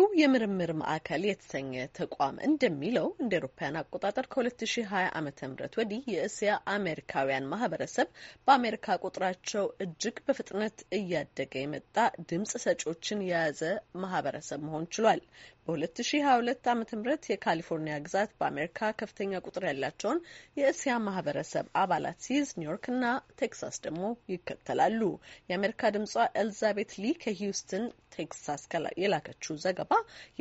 ኪው የምርምር ማዕከል የተሰኘ ተቋም እንደሚለው እንደ ኤሮፓያን አቆጣጠር ከ2020 ዓ ም ወዲህ የእስያ አሜሪካውያን ማህበረሰብ በአሜሪካ ቁጥራቸው እጅግ በፍጥነት እያደገ የመጣ ድምጽ ሰጪዎችን የያዘ ማህበረሰብ መሆን ችሏል። በ2022 ዓ ም የካሊፎርኒያ ግዛት በአሜሪካ ከፍተኛ ቁጥር ያላቸውን የእስያ ማህበረሰብ አባላት ሲይዝ ኒውዮርክ እና ቴክሳስ ደግሞ ይከተላሉ። የአሜሪካ ድምጿ ኤልዛቤት ሊ ከሂውስትን ቴክሳስ የላከችው ዘገባ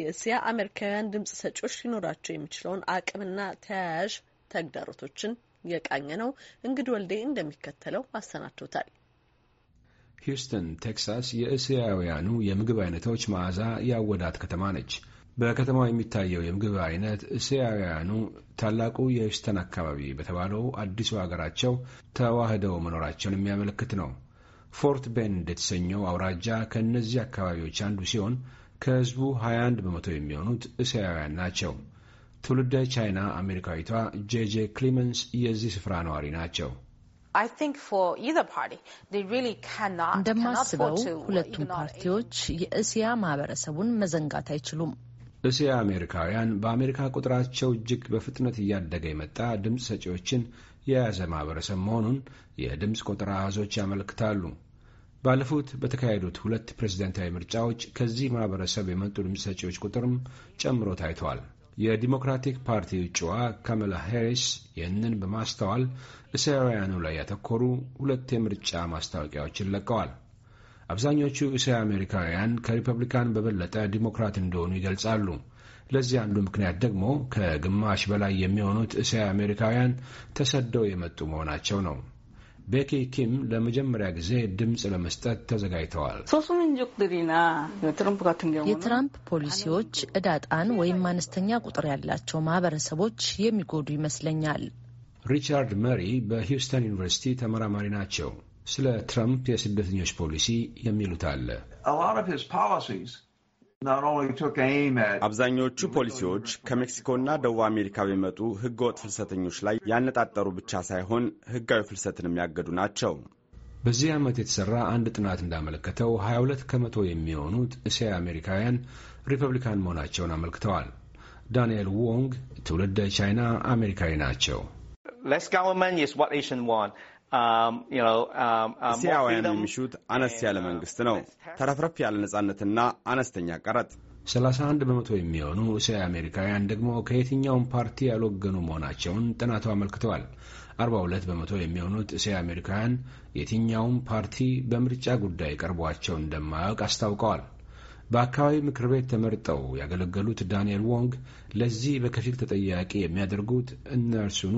የእስያ አሜሪካውያን ድምጽ ሰጪዎች ሊኖራቸው የሚችለውን አቅምና ተያያዥ ተግዳሮቶችን የቃኘ ነው። እንግድ ወልዴ እንደሚከተለው አሰናድቶታል። ሂውስተን ቴክሳስ የእስያውያኑ የምግብ አይነቶች መዓዛ ያወዳት ከተማ ነች። በከተማው የሚታየው የምግብ አይነት እስያውያኑ ታላቁ የሂውስተን አካባቢ በተባለው አዲሱ ሀገራቸው ተዋህደው መኖራቸውን የሚያመለክት ነው። ፎርት ቤንድ የተሰኘው አውራጃ ከእነዚህ አካባቢዎች አንዱ ሲሆን ከህዝቡ 21 በመቶ የሚሆኑት እስያውያን ናቸው። ትውልደ ቻይና አሜሪካዊቷ ጄጄ ክሊመንስ የዚህ ስፍራ ነዋሪ ናቸው። እንደማስበው ሁለቱም ፓርቲዎች የእስያ ማህበረሰቡን መዘንጋት አይችሉም። እስያ አሜሪካውያን በአሜሪካ ቁጥራቸው እጅግ በፍጥነት እያደገ የመጣ ድምፅ ሰጪዎችን የያዘ ማህበረሰብ መሆኑን የድምፅ ቆጠራ አሃዞች ያመለክታሉ። ባለፉት በተካሄዱት ሁለት ፕሬዝደንታዊ ምርጫዎች ከዚህ ማህበረሰብ የመጡ ድምፅ ሰጪዎች ቁጥርም ጨምሮ ታይቷል። የዲሞክራቲክ ፓርቲ እጩዋ ካመላ ሄሪስ ይህንን በማስተዋል እስያውያኑ ላይ ያተኮሩ ሁለት የምርጫ ማስታወቂያዎችን ለቀዋል። አብዛኞቹ እስያ አሜሪካውያን ከሪፐብሊካን በበለጠ ዲሞክራት እንደሆኑ ይገልጻሉ። ለዚህ አንዱ ምክንያት ደግሞ ከግማሽ በላይ የሚሆኑት እስያ አሜሪካውያን ተሰደው የመጡ መሆናቸው ነው። ቤኪ ኪም ለመጀመሪያ ጊዜ ድምፅ ለመስጠት ተዘጋጅተዋል። የትራምፕ ፖሊሲዎች እዳጣን ወይም አነስተኛ ቁጥር ያላቸው ማህበረሰቦች የሚጎዱ ይመስለኛል። ሪቻርድ መሪ በሂውስተን ዩኒቨርሲቲ ተመራማሪ ናቸው። ስለ ትራምፕ የስደተኞች ፖሊሲ የሚሉት አለ። አብዛኞቹ ፖሊሲዎች ከሜክሲኮና ደቡብ አሜሪካ በሚመጡ ህገወጥ ፍልሰተኞች ላይ ያነጣጠሩ ብቻ ሳይሆን ህጋዊ ፍልሰትን የሚያገዱ ናቸው። በዚህ ዓመት የተሠራ አንድ ጥናት እንዳመለከተው 22 ከመቶ የሚሆኑት እስያ አሜሪካውያን ሪፐብሊካን መሆናቸውን አመልክተዋል። ዳንኤል ዎንግ ትውልደ ቻይና አሜሪካዊ ናቸው። ሲያውያን um, um, uh, የሚሹት አነስ ያለ uh, መንግስት ነው። ተረፍረፍ ያለ ነጻነትና አነስተኛ ቀረጥ። 31 በመቶ የሚሆኑ እስያ አሜሪካውያን ደግሞ ከየትኛውም ፓርቲ ያልወገኑ መሆናቸውን ጥናቱ አመልክተዋል። 42 በመቶ የሚሆኑት እስያ አሜሪካውያን የትኛውም ፓርቲ በምርጫ ጉዳይ ቀርቧቸው እንደማያውቅ አስታውቀዋል። በአካባቢ ምክር ቤት ተመርጠው ያገለገሉት ዳንኤል ዎንግ ለዚህ በከፊል ተጠያቂ የሚያደርጉት እነርሱኑ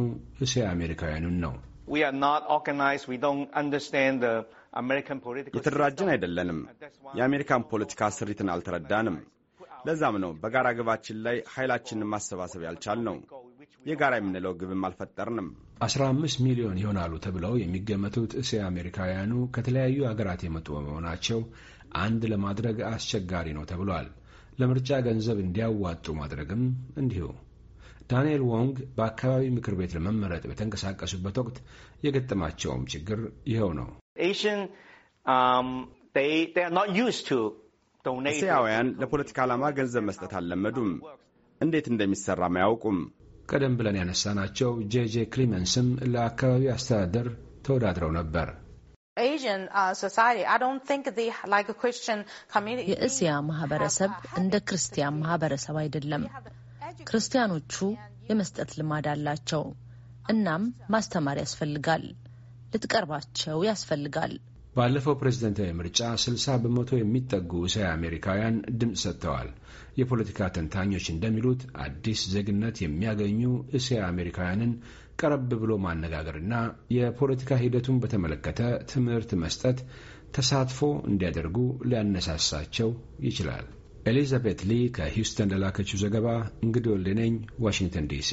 እስያ አሜሪካውያኑን ነው። የተደራጀን አይደለንም። የአሜሪካን ፖለቲካ ስሪትን አልተረዳንም። ለዛም ነው በጋራ ግባችን ላይ ኃይላችንን ማሰባሰብ ያልቻል ነው። የጋራ የምንለው ግብም አልፈጠርንም። 15 ሚሊዮን ይሆናሉ ተብለው የሚገመቱት እስያ አሜሪካውያኑ ከተለያዩ አገራት የመጡ በመሆናቸው አንድ ለማድረግ አስቸጋሪ ነው ተብሏል። ለምርጫ ገንዘብ እንዲያዋጡ ማድረግም እንዲሁ ዳንኤል ዎንግ በአካባቢ ምክር ቤት ለመመረጥ በተንቀሳቀሱበት ወቅት የገጠማቸውም ችግር ይኸው ነው። um, እስያውያን ለፖለቲካ ዓላማ ገንዘብ መስጠት አልለመዱም። እንዴት እንደሚሰራም አያውቁም። ቀደም ብለን ያነሳናቸው ጄጄ ክሊመንስም ለአካባቢ አስተዳደር ተወዳድረው ነበር። uh, የእስያ ማህበረሰብ እንደ ክርስቲያን ማህበረሰብ አይደለም። ክርስቲያኖቹ የመስጠት ልማድ አላቸው። እናም ማስተማር ያስፈልጋል፣ ልትቀርባቸው ያስፈልጋል። ባለፈው ፕሬዝደንታዊ ምርጫ 60 በመቶ የሚጠጉ እስያ አሜሪካውያን ድምፅ ሰጥተዋል። የፖለቲካ ተንታኞች እንደሚሉት አዲስ ዜግነት የሚያገኙ እስያ አሜሪካውያንን ቀረብ ብሎ ማነጋገርና የፖለቲካ ሂደቱን በተመለከተ ትምህርት መስጠት ተሳትፎ እንዲያደርጉ ሊያነሳሳቸው ይችላል። ኤሊዛቤት ሊ ከሂውስተን ለላከችው ዘገባ እንግዲ ወልዴ ዋሽንግተን ዲሲ